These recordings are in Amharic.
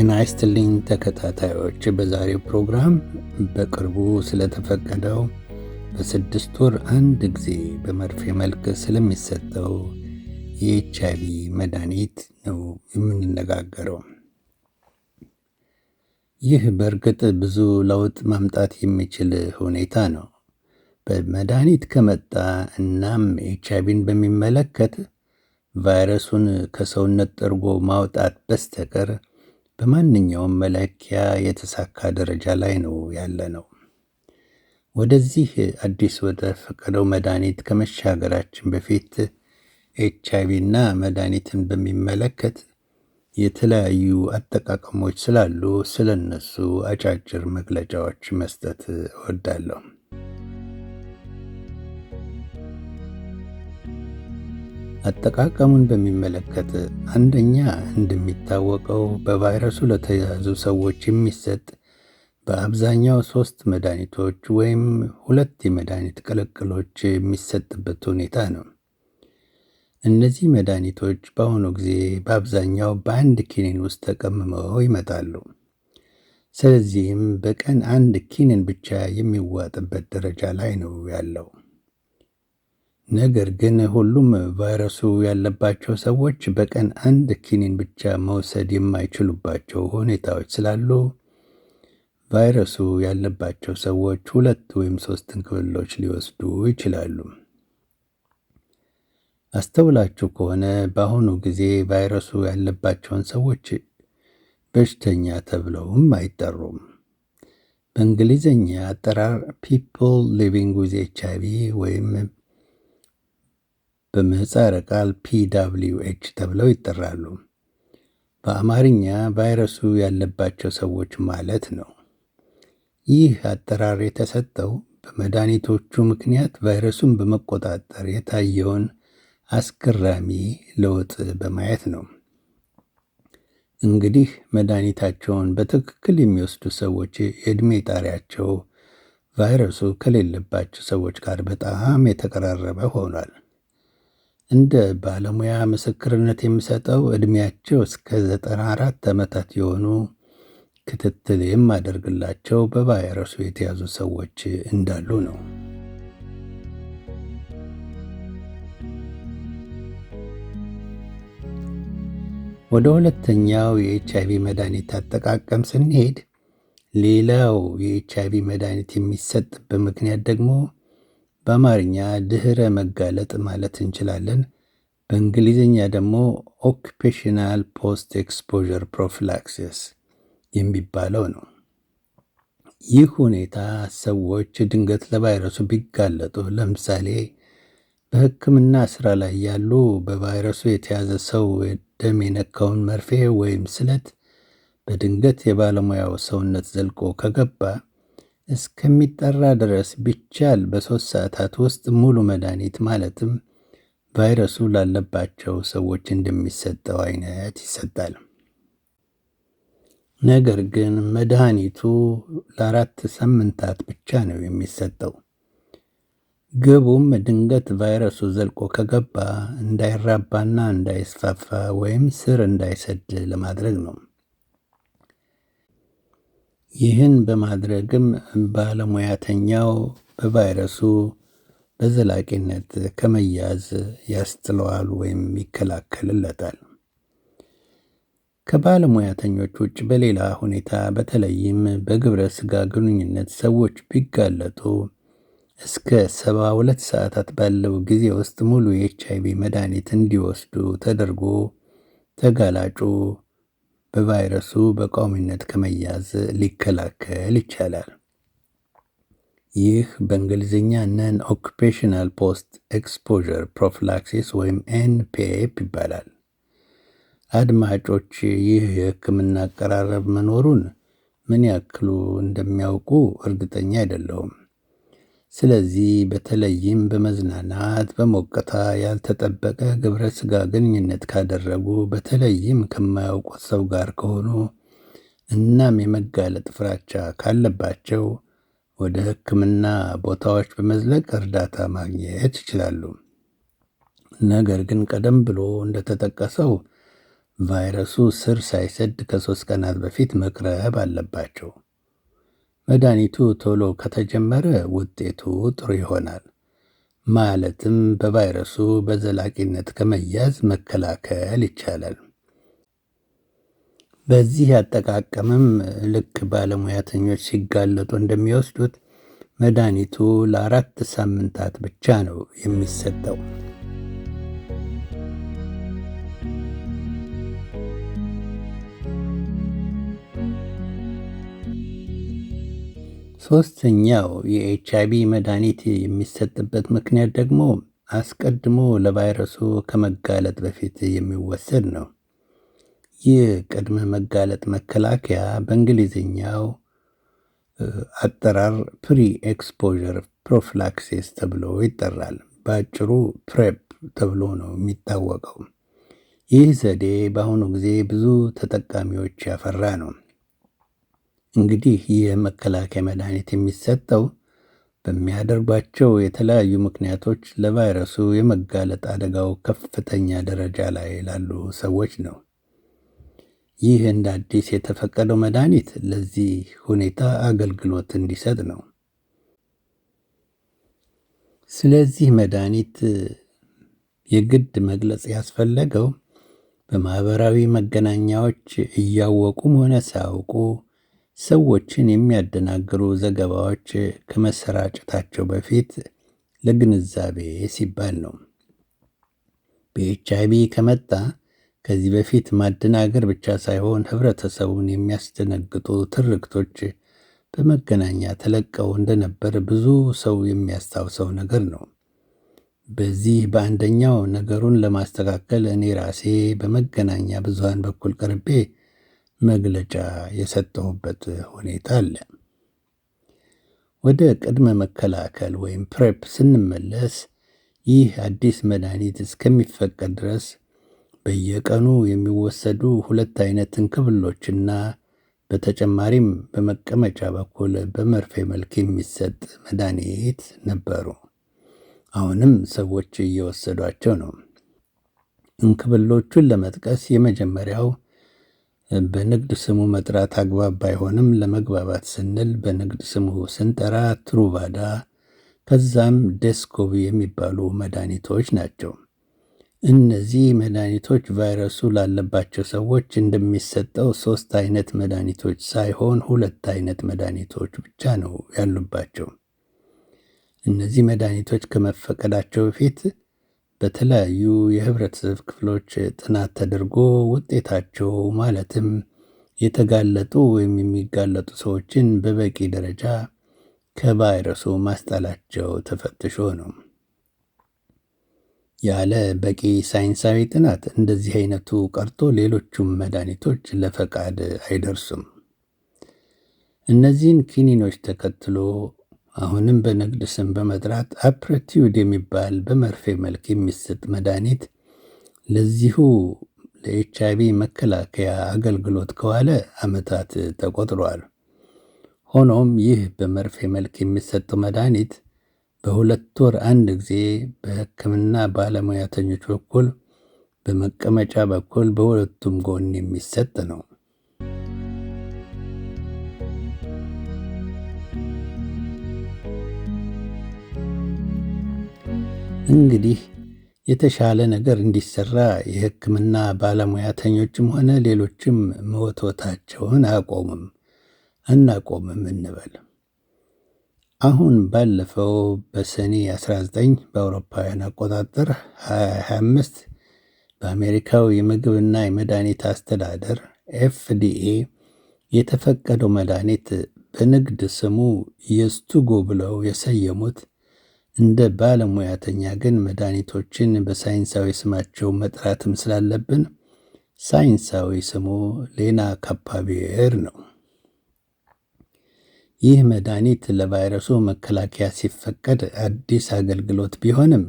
ጤና ይስጥልኝ ተከታታዮች፣ በዛሬው ፕሮግራም በቅርቡ ስለተፈቀደው በስድስት ወር አንድ ጊዜ በመርፌ መልክ ስለሚሰጠው የኤች አይቪ መድኃኒት ነው የምንነጋገረው። ይህ በእርግጥ ብዙ ለውጥ ማምጣት የሚችል ሁኔታ ነው። በመድኃኒት ከመጣ እናም ኤች አይቪን በሚመለከት ቫይረሱን ከሰውነት ጠርጎ ማውጣት በስተቀር በማንኛውም መለኪያ የተሳካ ደረጃ ላይ ነው ያለነው። ወደዚህ አዲስ ወደ ፈቀደው መድሃኒት ከመሻገራችን በፊት ኤች አይ ቪ እና በሚመለከት የተለያዩ አጠቃቀሞች ስላሉ ስለነሱ አጫጭር መግለጫዎች መስጠት እወዳለሁ። አጠቃቀሙን በሚመለከት አንደኛ እንደሚታወቀው በቫይረሱ ለተያዙ ሰዎች የሚሰጥ በአብዛኛው ሶስት መድኃኒቶች ወይም ሁለት የመድኃኒት ቅልቅሎች የሚሰጥበት ሁኔታ ነው። እነዚህ መድኃኒቶች በአሁኑ ጊዜ በአብዛኛው በአንድ ኪኒን ውስጥ ተቀምመው ይመጣሉ። ስለዚህም በቀን አንድ ኪኒን ብቻ የሚዋጥበት ደረጃ ላይ ነው ያለው። ነገር ግን ሁሉም ቫይረሱ ያለባቸው ሰዎች በቀን አንድ ኪኒን ብቻ መውሰድ የማይችሉባቸው ሁኔታዎች ስላሉ ቫይረሱ ያለባቸው ሰዎች ሁለት ወይም ሶስት እንክብሎች ሊወስዱ ይችላሉ። አስተውላችሁ ከሆነ በአሁኑ ጊዜ ቫይረሱ ያለባቸውን ሰዎች በሽተኛ ተብለውም አይጠሩም። በእንግሊዝኛ አጠራር ፒፕል ሊቪንግ ዊዝ ኤች አይ ቪ ወይም በምህፃረ ቃል ፒዳብሊውኤች ተብለው ይጠራሉ። በአማርኛ ቫይረሱ ያለባቸው ሰዎች ማለት ነው። ይህ አጠራር የተሰጠው በመድኃኒቶቹ ምክንያት ቫይረሱን በመቆጣጠር የታየውን አስገራሚ ለውጥ በማየት ነው። እንግዲህ መድኃኒታቸውን በትክክል የሚወስዱ ሰዎች የዕድሜ ጣሪያቸው ቫይረሱ ከሌለባቸው ሰዎች ጋር በጣም የተቀራረበ ሆኗል። እንደ ባለሙያ ምስክርነት የምሰጠው እድሜያቸው እስከ ዘጠና ዓመታት አመታት የሆኑ ክትትል የማደርግላቸው በቫይረሱ የተያዙ ሰዎች እንዳሉ ነው። ወደ ሁለተኛው የኤች አይቪ መድኃኒት አጠቃቀም ስንሄድ ሌላው የኤች አይቪ መድኃኒት የሚሰጥበት ምክንያት ደግሞ በአማርኛ ድህረ መጋለጥ ማለት እንችላለን። በእንግሊዝኛ ደግሞ ኦኩፔሽናል ፖስት ኤክስፖር ፕሮፊላክሲስ የሚባለው ነው። ይህ ሁኔታ ሰዎች ድንገት ለቫይረሱ ቢጋለጡ ለምሳሌ በሕክምና ስራ ላይ ያሉ በቫይረሱ የተያዘ ሰው ደም የነካውን መርፌ ወይም ስለት በድንገት የባለሙያው ሰውነት ዘልቆ ከገባ እስከሚጠራ ድረስ ቢቻል በሶስት ሰዓታት ውስጥ ሙሉ መድኃኒት ማለትም ቫይረሱ ላለባቸው ሰዎች እንደሚሰጠው አይነት ይሰጣል። ነገር ግን መድኃኒቱ ለአራት ሳምንታት ብቻ ነው የሚሰጠው። ግቡም ድንገት ቫይረሱ ዘልቆ ከገባ እንዳይራባና እንዳይስፋፋ ወይም ስር እንዳይሰድ ለማድረግ ነው። ይህን በማድረግም ባለሙያተኛው በቫይረሱ በዘላቂነት ከመያዝ ያስጥለዋል ወይም ይከላከልለታል። ከባለሙያተኞች ውጭ በሌላ ሁኔታ በተለይም በግብረ ስጋ ግንኙነት ሰዎች ቢጋለጡ እስከ 72 ሰዓታት ባለው ጊዜ ውስጥ ሙሉ የኤች አይ ቪ መድኃኒት እንዲወስዱ ተደርጎ ተጋላጩ በቫይረሱ በቋሚነት ከመያዝ ሊከላከል ይቻላል። ይህ በእንግሊዝኛ ነን ኦኩፔሽናል ፖስት ኤክስፖዠር ፕሮፊላክሲስ ወይም ኤንፒፕ ይባላል። አድማጮች ይህ የሕክምና አቀራረብ መኖሩን ምን ያክሉ እንደሚያውቁ እርግጠኛ አይደለሁም። ስለዚህ በተለይም በመዝናናት በሞቀታ ያልተጠበቀ ግብረ ስጋ ግንኙነት ካደረጉ በተለይም ከማያውቁት ሰው ጋር ከሆኑ እናም የመጋለጥ ፍራቻ ካለባቸው ወደ ሕክምና ቦታዎች በመዝለቅ እርዳታ ማግኘት ይችላሉ። ነገር ግን ቀደም ብሎ እንደተጠቀሰው ቫይረሱ ስር ሳይሰድ ከሶስት ቀናት በፊት መቅረብ አለባቸው። መድኃኒቱ ቶሎ ከተጀመረ ውጤቱ ጥሩ ይሆናል። ማለትም በቫይረሱ በዘላቂነት ከመያዝ መከላከል ይቻላል። በዚህ አጠቃቀምም ልክ ባለሙያተኞች ሲጋለጡ እንደሚወስዱት መድኃኒቱ ለአራት ሳምንታት ብቻ ነው የሚሰጠው። ሶስተኛው የኤች አይቪ መድኃኒት የሚሰጥበት ምክንያት ደግሞ አስቀድሞ ለቫይረሱ ከመጋለጥ በፊት የሚወሰድ ነው። ይህ ቅድመ መጋለጥ መከላከያ በእንግሊዝኛው አጠራር ፕሪ ኤክስፖር ፕሮፊላክሲስ ተብሎ ይጠራል። በአጭሩ ፕሬፕ ተብሎ ነው የሚታወቀው። ይህ ዘዴ በአሁኑ ጊዜ ብዙ ተጠቃሚዎች ያፈራ ነው። እንግዲህ የመከላከያ መድኃኒት የሚሰጠው በሚያደርጓቸው የተለያዩ ምክንያቶች ለቫይረሱ የመጋለጥ አደጋው ከፍተኛ ደረጃ ላይ ላሉ ሰዎች ነው። ይህ እንደ አዲስ የተፈቀደው መድኃኒት ለዚህ ሁኔታ አገልግሎት እንዲሰጥ ነው። ስለዚህ መድኃኒት የግድ መግለጽ ያስፈለገው በማህበራዊ መገናኛዎች እያወቁም ሆነ ሳያውቁ ሰዎችን የሚያደናግሩ ዘገባዎች ከመሰራጨታቸው በፊት ለግንዛቤ ሲባል ነው። በኤች አይቪ ከመጣ ከዚህ በፊት ማደናገር ብቻ ሳይሆን ህብረተሰቡን የሚያስደነግጡ ትርክቶች በመገናኛ ተለቀው እንደነበር ብዙ ሰው የሚያስታውሰው ነገር ነው። በዚህ በአንደኛው ነገሩን ለማስተካከል እኔ ራሴ በመገናኛ ብዙሃን በኩል ቀርቤ መግለጫ የሰጠሁበት ሁኔታ አለ። ወደ ቅድመ መከላከል ወይም ፕሬፕ ስንመለስ ይህ አዲስ መድኃኒት እስከሚፈቀድ ድረስ በየቀኑ የሚወሰዱ ሁለት አይነት እንክብሎችና በተጨማሪም በመቀመጫ በኩል በመርፌ መልክ የሚሰጥ መድኃኒት ነበሩ። አሁንም ሰዎች እየወሰዷቸው ነው። እንክብሎቹን ለመጥቀስ የመጀመሪያው በንግድ ስሙ መጥራት አግባብ ባይሆንም ለመግባባት ስንል በንግድ ስሙ ስንጠራ ትሩቫዳ ከዛም ደስኮቪ የሚባሉ መድኃኒቶች ናቸው። እነዚህ መድኃኒቶች ቫይረሱ ላለባቸው ሰዎች እንደሚሰጠው ሶስት አይነት መድኃኒቶች ሳይሆን ሁለት አይነት መድኃኒቶች ብቻ ነው ያሉባቸው። እነዚህ መድኃኒቶች ከመፈቀዳቸው በፊት በተለያዩ የህብረተሰብ ክፍሎች ጥናት ተደርጎ ውጤታቸው ማለትም የተጋለጡ ወይም የሚጋለጡ ሰዎችን በበቂ ደረጃ ከቫይረሱ ማስጣላቸው ተፈትሾ ነው። ያለ በቂ ሳይንሳዊ ጥናት እንደዚህ አይነቱ ቀርቶ ሌሎቹም መድኃኒቶች ለፈቃድ አይደርሱም። እነዚህን ኪኒኖች ተከትሎ አሁንም በንግድ ስም በመጥራት አፕሬቲዩድ የሚባል በመርፌ መልክ የሚሰጥ መድኃኒት ለዚሁ ለኤች አይቪ መከላከያ አገልግሎት ከዋለ ዓመታት ተቆጥሯል። ሆኖም ይህ በመርፌ መልክ የሚሰጠው መድኃኒት በሁለት ወር አንድ ጊዜ በሕክምና ባለሙያተኞች በኩል በመቀመጫ በኩል በሁለቱም ጎን የሚሰጥ ነው። እንግዲህ የተሻለ ነገር እንዲሰራ የሕክምና ባለሙያተኞችም ሆነ ሌሎችም መወትወታቸውን አቆሙም አናቆምም እንበል። አሁን ባለፈው በሰኔ 19 በአውሮፓውያን አቆጣጠር 2025 በአሜሪካው የምግብና የመድኃኒት አስተዳደር ኤፍዲኤ የተፈቀደው መድኃኒት በንግድ ስሙ የስቱጎ ብለው የሰየሙት እንደ ባለሙያተኛ ግን መድኃኒቶችን በሳይንሳዊ ስማቸው መጥራትም ስላለብን ሳይንሳዊ ስሙ ሌና ካፓቪር ነው። ይህ መድኃኒት ለቫይረሱ መከላከያ ሲፈቀድ አዲስ አገልግሎት ቢሆንም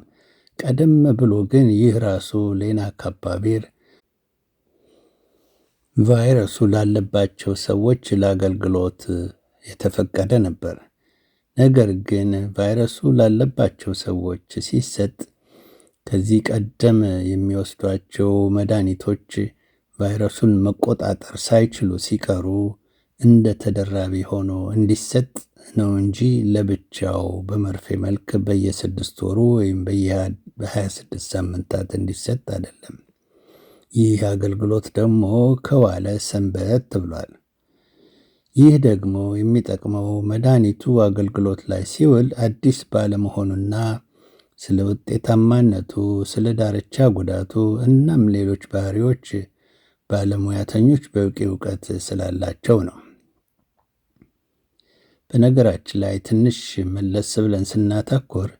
ቀደም ብሎ ግን ይህ ራሱ ሌና ካፓቪር ቫይረሱ ላለባቸው ሰዎች ለአገልግሎት የተፈቀደ ነበር። ነገር ግን ቫይረሱ ላለባቸው ሰዎች ሲሰጥ ከዚህ ቀደም የሚወስዷቸው መድኃኒቶች ቫይረሱን መቆጣጠር ሳይችሉ ሲቀሩ እንደ ተደራቢ ሆኖ እንዲሰጥ ነው እንጂ ለብቻው በመርፌ መልክ በየስድስት ወሩ ወይም በየ26 ሳምንታት እንዲሰጥ አይደለም። ይህ አገልግሎት ደግሞ ከዋለ ሰንበት ብሏል። ይህ ደግሞ የሚጠቅመው መድኃኒቱ አገልግሎት ላይ ሲውል አዲስ ባለመሆኑና ስለ ውጤታማነቱ፣ ስለ ዳርቻ ጉዳቱ እናም ሌሎች ባህሪዎች ባለሙያተኞች በቂ እውቀት ስላላቸው ነው። በነገራችን ላይ ትንሽ መለስ ብለን ስናተኮር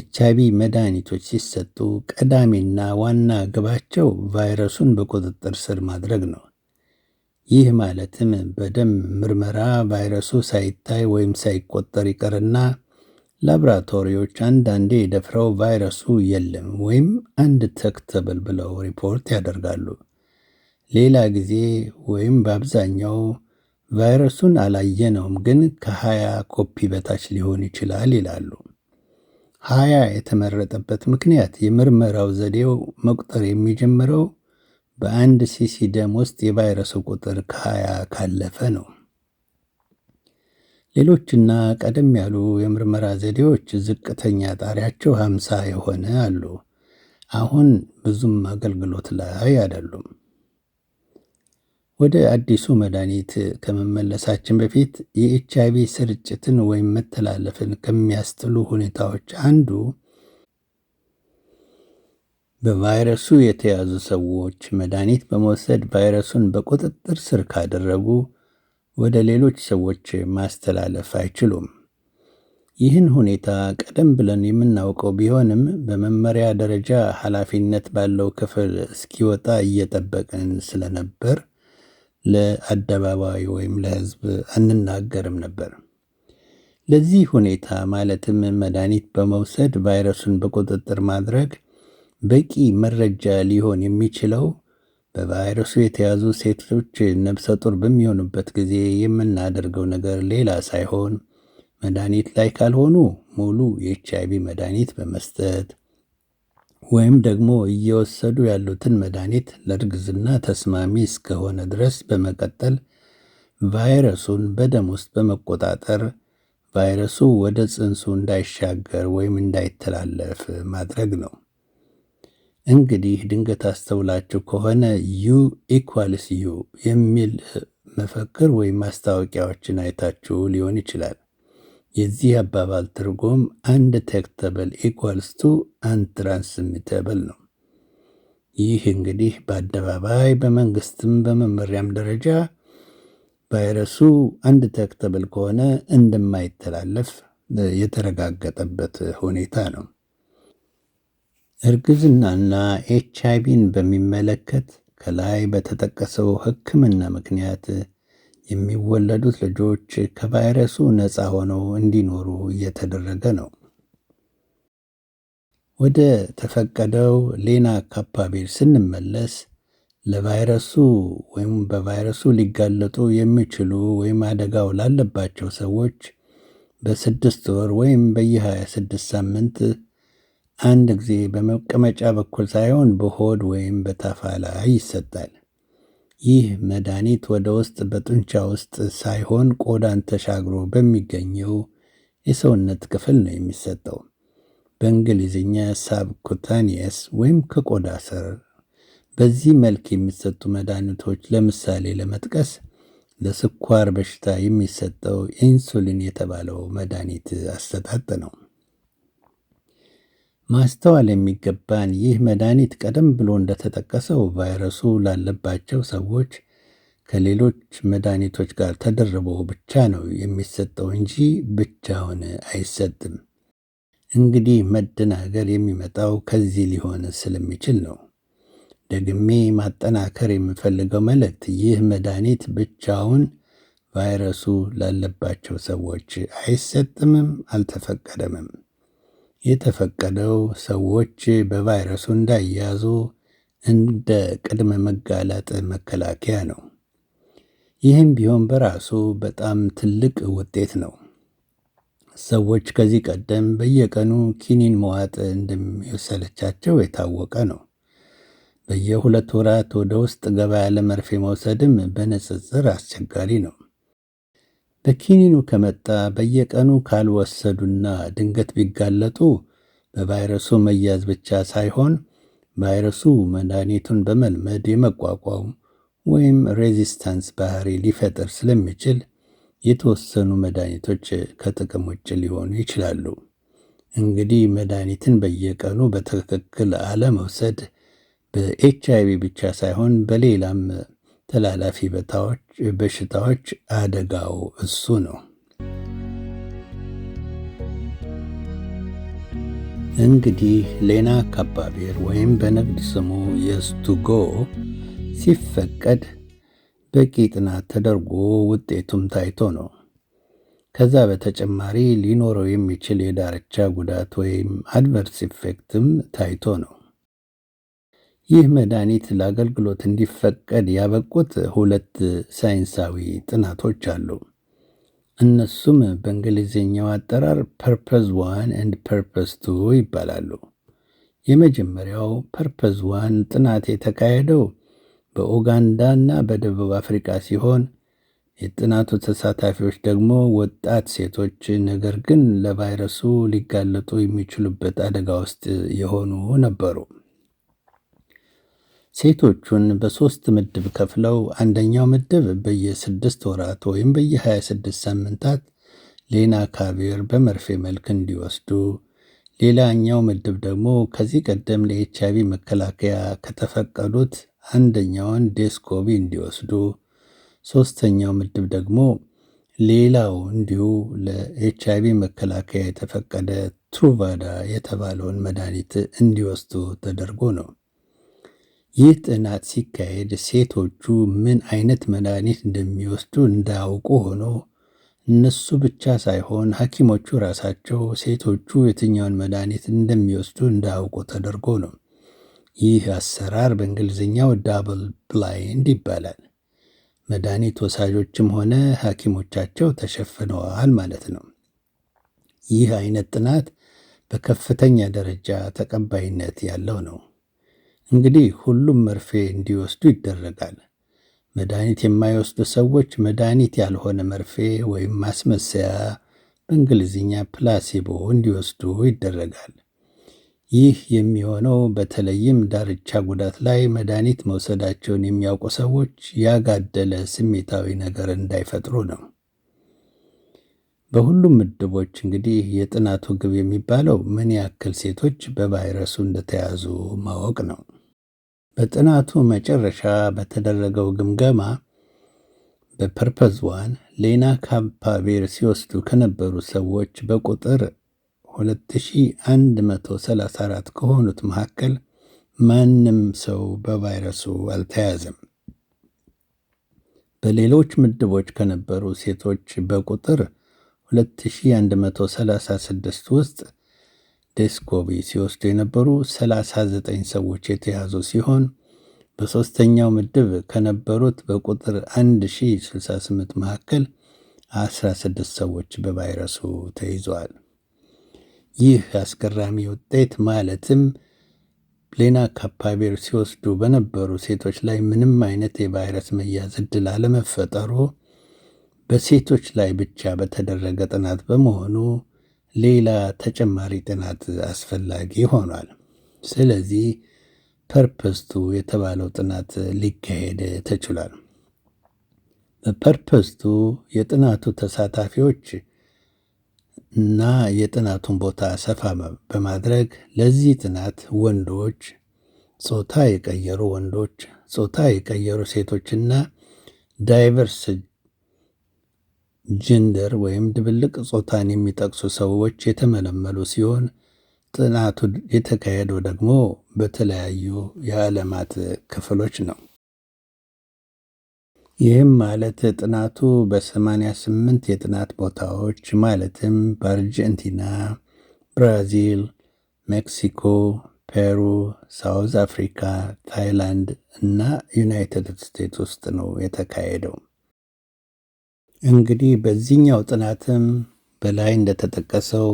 ኤች አይቪ መድኃኒቶች ሲሰጡ ቀዳሚና ዋና ግባቸው ቫይረሱን በቁጥጥር ስር ማድረግ ነው። ይህ ማለትም በደም ምርመራ ቫይረሱ ሳይታይ ወይም ሳይቆጠር ይቀርና ላብራቶሪዎች አንዳንዴ ደፍረው ቫይረሱ የለም ወይም አንድ ተክተብል ብለው ሪፖርት ያደርጋሉ። ሌላ ጊዜ ወይም በአብዛኛው ቫይረሱን አላየነውም ግን ከሀያ ኮፒ በታች ሊሆን ይችላል ይላሉ። ሀያ የተመረጠበት ምክንያት የምርመራው ዘዴው መቁጠር የሚጀምረው በአንድ ሲሲ ደም ውስጥ የቫይረሱ ቁጥር ከሀያ ካለፈ ነው። ሌሎችና ቀደም ያሉ የምርመራ ዘዴዎች ዝቅተኛ ጣሪያቸው ሀምሳ የሆነ አሉ። አሁን ብዙም አገልግሎት ላይ አይደሉም። ወደ አዲሱ መድኃኒት ከመመለሳችን በፊት የኤች ቪ ስርጭትን ወይም መተላለፍን ከሚያስጥሉ ሁኔታዎች አንዱ በቫይረሱ የተያዙ ሰዎች መድኃኒት በመውሰድ ቫይረሱን በቁጥጥር ስር ካደረጉ ወደ ሌሎች ሰዎች ማስተላለፍ አይችሉም። ይህን ሁኔታ ቀደም ብለን የምናውቀው ቢሆንም በመመሪያ ደረጃ ኃላፊነት ባለው ክፍል እስኪወጣ እየጠበቅን ስለነበር ለአደባባይ ወይም ለሕዝብ አንናገርም ነበር። ለዚህ ሁኔታ ማለትም መድኃኒት በመውሰድ ቫይረሱን በቁጥጥር ማድረግ በቂ መረጃ ሊሆን የሚችለው በቫይረሱ የተያዙ ሴቶች ነብሰ ጡር በሚሆኑበት ጊዜ የምናደርገው ነገር ሌላ ሳይሆን መድኃኒት ላይ ካልሆኑ ሙሉ የኤች አይቪ መድኃኒት በመስጠት ወይም ደግሞ እየወሰዱ ያሉትን መድኃኒት ለእርግዝና ተስማሚ እስከሆነ ድረስ በመቀጠል ቫይረሱን በደም ውስጥ በመቆጣጠር ቫይረሱ ወደ ጽንሱ እንዳይሻገር ወይም እንዳይተላለፍ ማድረግ ነው። እንግዲህ ድንገት አስተውላችሁ ከሆነ ዩ ኢኳልስ ዩ የሚል መፈክር ወይም ማስታወቂያዎችን አይታችሁ ሊሆን ይችላል። የዚህ አባባል ትርጉም አንድ ቴክተብል ኢኳልስ ቱ ትራንስሚተብል ነው። ይህ እንግዲህ በአደባባይ በመንግስትም በመመሪያም ደረጃ ቫይረሱ አንድ ቴክተብል ከሆነ እንደማይተላለፍ የተረጋገጠበት ሁኔታ ነው። እርግዝናና ኤች አይ ቪን በሚመለከት ከላይ በተጠቀሰው ሕክምና ምክንያት የሚወለዱት ልጆች ከቫይረሱ ነፃ ሆነው እንዲኖሩ እየተደረገ ነው። ወደ ተፈቀደው ሌና ካፓቪር ስንመለስ ለቫይረሱ ወይም በቫይረሱ ሊጋለጡ የሚችሉ ወይም አደጋው ላለባቸው ሰዎች በስድስት ወር ወይም በየ26 ሳምንት አንድ ጊዜ በመቀመጫ በኩል ሳይሆን በሆድ ወይም በታፋ ላይ ይሰጣል። ይህ መድኃኒት ወደ ውስጥ በጡንቻ ውስጥ ሳይሆን ቆዳን ተሻግሮ በሚገኘው የሰውነት ክፍል ነው የሚሰጠው። በእንግሊዝኛ ሳብኩታኒየስ ወይም ከቆዳ ስር። በዚህ መልክ የሚሰጡ መድኃኒቶች ለምሳሌ ለመጥቀስ ለስኳር በሽታ የሚሰጠው ኢንሱሊን የተባለው መድኃኒት አሰጣጥ ነው። ማስተዋል የሚገባን ይህ መድኃኒት ቀደም ብሎ እንደተጠቀሰው ቫይረሱ ላለባቸው ሰዎች ከሌሎች መድኃኒቶች ጋር ተደርቦ ብቻ ነው የሚሰጠው እንጂ ብቻውን አይሰጥም። እንግዲህ መደናገር የሚመጣው ከዚህ ሊሆን ስለሚችል ነው። ደግሜ ማጠናከር የምፈልገው መልእክት ይህ መድኃኒት ብቻውን ቫይረሱ ላለባቸው ሰዎች አይሰጥምም፣ አልተፈቀደምም። የተፈቀደው ሰዎች በቫይረሱ እንዳይያዙ እንደ ቅድመ መጋለጥ መከላከያ ነው። ይህም ቢሆን በራሱ በጣም ትልቅ ውጤት ነው። ሰዎች ከዚህ ቀደም በየቀኑ ኪኒን መዋጥ እንደሚሰለቻቸው የታወቀ ነው። በየሁለት ወራት ወደ ውስጥ ገባ ያለ መርፌ መውሰድም በንጽጽር አስቸጋሪ ነው። በኪኒኑ ከመጣ በየቀኑ ካልወሰዱና ድንገት ቢጋለጡ በቫይረሱ መያዝ ብቻ ሳይሆን ቫይረሱ መድኃኒቱን በመልመድ የመቋቋም ወይም ሬዚስታንስ ባህሪ ሊፈጥር ስለሚችል የተወሰኑ መድኃኒቶች ከጥቅም ውጭ ሊሆኑ ይችላሉ። እንግዲህ መድኃኒትን በየቀኑ በትክክል አለመውሰድ በኤች አይ ቪ ብቻ ሳይሆን በሌላም ተላላፊ በሽታዎች አደጋው እሱ ነው። እንግዲህ ሌና ካባቤር ወይም በንግድ ስሙ የስቱጎ ሲፈቀድ በቂ ጥናት ተደርጎ ውጤቱም ታይቶ ነው። ከዛ በተጨማሪ ሊኖረው የሚችል የዳርቻ ጉዳት ወይም አድቨርስ ኢፌክትም ታይቶ ነው። ይህ መድኃኒት ለአገልግሎት እንዲፈቀድ ያበቁት ሁለት ሳይንሳዊ ጥናቶች አሉ። እነሱም በእንግሊዝኛው አጠራር ፐርፐዝ ዋን ኤንድ ፐርፐዝ ቱ ይባላሉ። የመጀመሪያው ፐርፐዝ ዋን ጥናት የተካሄደው በኡጋንዳ እና በደቡብ አፍሪካ ሲሆን የጥናቱ ተሳታፊዎች ደግሞ ወጣት ሴቶች ነገር ግን ለቫይረሱ ሊጋለጡ የሚችሉበት አደጋ ውስጥ የሆኑ ነበሩ። ሴቶቹን በሶስት ምድብ ከፍለው አንደኛው ምድብ በየስድስት ወራት ወይም በየ26 ሳምንታት ሌና ካቤር በመርፌ መልክ እንዲወስዱ፣ ሌላኛው ምድብ ደግሞ ከዚህ ቀደም ለኤች አይቪ መከላከያ ከተፈቀዱት አንደኛውን ዴስኮቪ እንዲወስዱ፣ ሶስተኛው ምድብ ደግሞ ሌላው እንዲሁ ለኤች አይቪ መከላከያ የተፈቀደ ትሩቫዳ የተባለውን መድኃኒት እንዲወስዱ ተደርጎ ነው። ይህ ጥናት ሲካሄድ ሴቶቹ ምን አይነት መድኃኒት እንደሚወስዱ እንዳያውቁ ሆኖ እነሱ ብቻ ሳይሆን ሐኪሞቹ ራሳቸው ሴቶቹ የትኛውን መድኃኒት እንደሚወስዱ እንዳያውቁ ተደርጎ ነው። ይህ አሰራር በእንግሊዝኛው ዳብል ብላይንድ ይባላል። መድኃኒት ወሳጆችም ሆነ ሐኪሞቻቸው ተሸፍነዋል ማለት ነው። ይህ አይነት ጥናት በከፍተኛ ደረጃ ተቀባይነት ያለው ነው። እንግዲህ ሁሉም መርፌ እንዲወስዱ ይደረጋል። መድኃኒት የማይወስዱ ሰዎች መድኃኒት ያልሆነ መርፌ ወይም ማስመሰያ በእንግሊዝኛ ፕላሲቦ እንዲወስዱ ይደረጋል። ይህ የሚሆነው በተለይም ዳርቻ ጉዳት ላይ መድኃኒት መውሰዳቸውን የሚያውቁ ሰዎች ያጋደለ ስሜታዊ ነገር እንዳይፈጥሩ ነው። በሁሉም ምድቦች እንግዲህ የጥናቱ ግብ የሚባለው ምን ያክል ሴቶች በቫይረሱ እንደተያዙ ማወቅ ነው። በጥናቱ መጨረሻ በተደረገው ግምገማ በፐርፐዝ ዋን ሌና ካምፓቬር ሲወስዱ ከነበሩ ሰዎች በቁጥር 2134 ከሆኑት መካከል ማንም ሰው በቫይረሱ አልተያዘም። በሌሎች ምድቦች ከነበሩ ሴቶች በቁጥር 2136 ውስጥ ዴስኮቪ ሲወስዱ የነበሩ 39 ሰዎች የተያዙ ሲሆን በሦስተኛው ምድብ ከነበሩት በቁጥር 1068 መካከል 16 ሰዎች በቫይረሱ ተይዘዋል። ይህ አስገራሚ ውጤት ማለትም ፕሌና ካፓቪር ሲወስዱ በነበሩ ሴቶች ላይ ምንም አይነት የቫይረስ መያዝ ዕድል አለመፈጠሩ በሴቶች ላይ ብቻ በተደረገ ጥናት በመሆኑ ሌላ ተጨማሪ ጥናት አስፈላጊ ሆኗል። ስለዚህ ፐርፐስቱ የተባለው ጥናት ሊካሄድ ተችሏል። በፐርፐስቱ የጥናቱ ተሳታፊዎች እና የጥናቱን ቦታ ሰፋ በማድረግ ለዚህ ጥናት ወንዶች፣ ጾታ የቀየሩ ወንዶች፣ ጾታ የቀየሩ ሴቶችና ዳይቨርስ ጀንደር ወይም ድብልቅ ጾታን የሚጠቅሱ ሰዎች የተመለመሉ ሲሆን ጥናቱ የተካሄደው ደግሞ በተለያዩ የዓለማት ክፍሎች ነው። ይህም ማለት ጥናቱ በ88 የጥናት ቦታዎች ማለትም በአርጀንቲና፣ ብራዚል፣ ሜክሲኮ፣ ፔሩ፣ ሳውዝ አፍሪካ፣ ታይላንድ እና ዩናይትድ ስቴትስ ውስጥ ነው የተካሄደው። እንግዲህ በዚህኛው ጥናትም በላይ እንደተጠቀሰው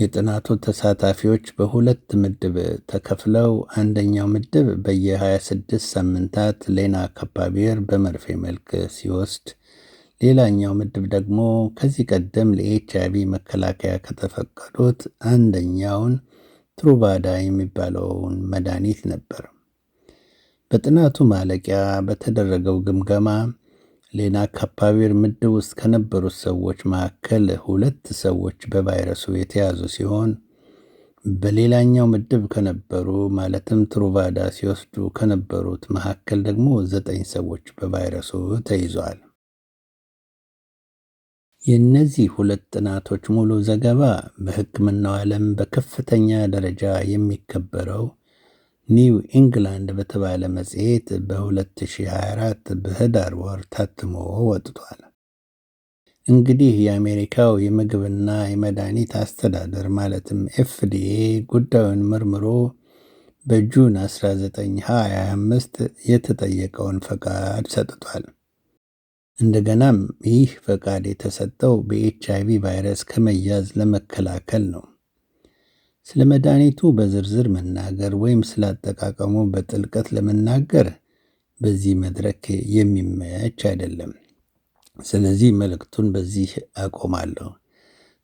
የጥናቱ ተሳታፊዎች በሁለት ምድብ ተከፍለው አንደኛው ምድብ በየ26 ሳምንታት ሌናካፓቪር በመርፌ መልክ ሲወስድ፣ ሌላኛው ምድብ ደግሞ ከዚህ ቀደም ለኤች ቪ መከላከያ ከተፈቀዱት አንደኛውን ትሩባዳ የሚባለውን መድኃኒት ነበር። በጥናቱ ማለቂያ በተደረገው ግምገማ ሌላ ካፓቪር ምድብ ውስጥ ከነበሩት ሰዎች መካከል ሁለት ሰዎች በቫይረሱ የተያዙ ሲሆን በሌላኛው ምድብ ከነበሩ ማለትም ትሩቫዳ ሲወስዱ ከነበሩት መካከል ደግሞ ዘጠኝ ሰዎች በቫይረሱ ተይዘዋል። የእነዚህ ሁለት ጥናቶች ሙሉ ዘገባ በሕክምናው ዓለም በከፍተኛ ደረጃ የሚከበረው ኒው ኢንግላንድ በተባለ መጽሔት በ2024 በህዳር ወር ታትሞ ወጥቷል። እንግዲህ የአሜሪካው የምግብና የመድኃኒት አስተዳደር ማለትም ኤፍዲኤ ጉዳዩን መርምሮ በጁን 1925 የተጠየቀውን ፈቃድ ሰጥቷል። እንደገናም ይህ ፈቃድ የተሰጠው በኤች አይቪ ቫይረስ ከመያዝ ለመከላከል ነው። ስለ መድኃኒቱ በዝርዝር መናገር ወይም ስላጠቃቀሙ በጥልቀት ለመናገር በዚህ መድረክ የሚመያች አይደለም። ስለዚህ መልእክቱን በዚህ አቆማለሁ።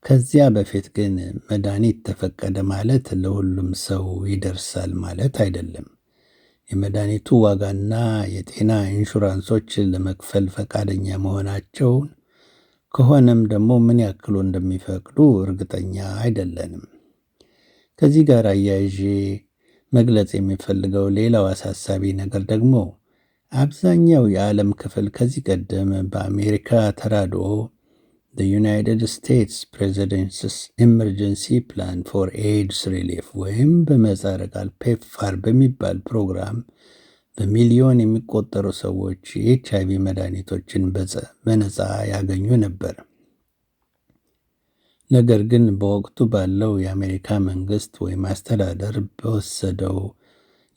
ከዚያ በፊት ግን መድኃኒት ተፈቀደ ማለት ለሁሉም ሰው ይደርሳል ማለት አይደለም። የመድኃኒቱ ዋጋና የጤና ኢንሹራንሶች ለመክፈል ፈቃደኛ መሆናቸውን ከሆነም ደግሞ ምን ያክሉ እንደሚፈቅዱ እርግጠኛ አይደለንም። ከዚህ ጋር አያይዤ መግለጽ የሚፈልገው ሌላው አሳሳቢ ነገር ደግሞ አብዛኛው የዓለም ክፍል ከዚህ ቀደም በአሜሪካ ተራድኦ ዩናይትድ ስቴትስ ፕሬዚደንትስ ኢመርጀንሲ ፕላን ፎር ኤድስ ሪሊፍ ወይም በምህጻረ ቃል ፔፕፋር e በሚባል ፕሮግራም በሚሊዮን የሚቆጠሩ ሰዎች የኤች አይቪ መድኃኒቶችን በነፃ ያገኙ ነበር። ነገር ግን በወቅቱ ባለው የአሜሪካ መንግስት ወይም አስተዳደር በወሰደው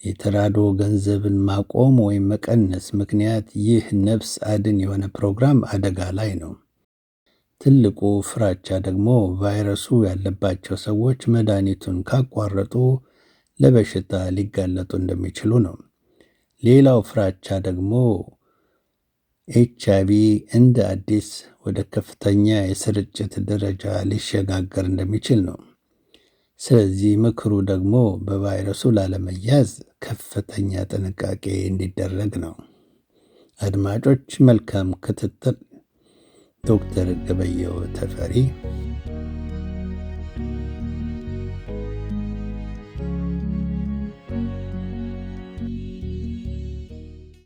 የተራዶ ገንዘብን ማቆም ወይም መቀነስ ምክንያት ይህ ነፍስ አድን የሆነ ፕሮግራም አደጋ ላይ ነው። ትልቁ ፍራቻ ደግሞ ቫይረሱ ያለባቸው ሰዎች መድኃኒቱን ካቋረጡ ለበሽታ ሊጋለጡ እንደሚችሉ ነው። ሌላው ፍራቻ ደግሞ ኤች አይቪ እንደ አዲስ ወደ ከፍተኛ የስርጭት ደረጃ ሊሸጋገር እንደሚችል ነው። ስለዚህ ምክሩ ደግሞ በቫይረሱ ላለመያዝ ከፍተኛ ጥንቃቄ እንዲደረግ ነው። አድማጮች፣ መልካም ክትትል። ዶክተር ገበየሁ ተፈሪ